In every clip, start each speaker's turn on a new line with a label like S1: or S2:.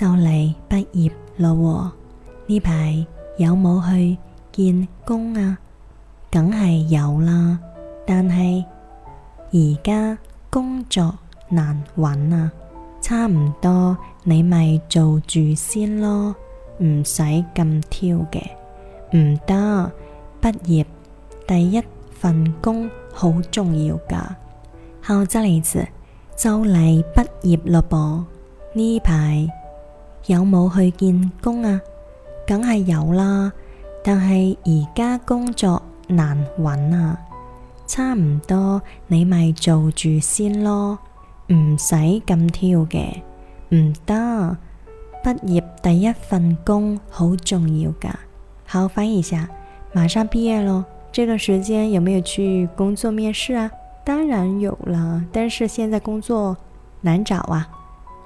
S1: 就嚟畢業咯喎，呢排有冇去見工啊？梗係有啦，但係而家工作難揾啊，差唔多你咪做住先咯，唔使咁挑嘅。唔得，畢業第一份工好重要噶。好，真例子，就嚟畢業咯噃，呢排。有冇去見工啊？梗係有啦，但係而家工作難揾啊，差唔多你咪做住先咯，唔使咁挑嘅，唔得，畢業第一份工好重要噶。好，翻譯一下，馬上畢業咯，這段時間有沒有去工作面試啊？當然有了，但是現在工作難找啊。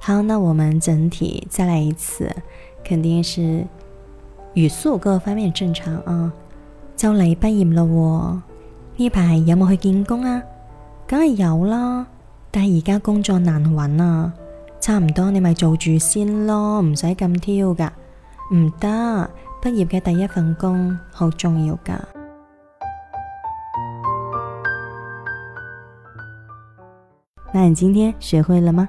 S1: 好，那我們整體再來一次，肯定是語速各個方面正常啊。就嚟畢業咯喎，呢排有冇去見工啊？梗係有啦，但係而家工作難揾啊，差唔多你咪做住先咯，唔使咁挑噶，唔得，畢業嘅第一份工好重要噶。那你今天學會了嗎？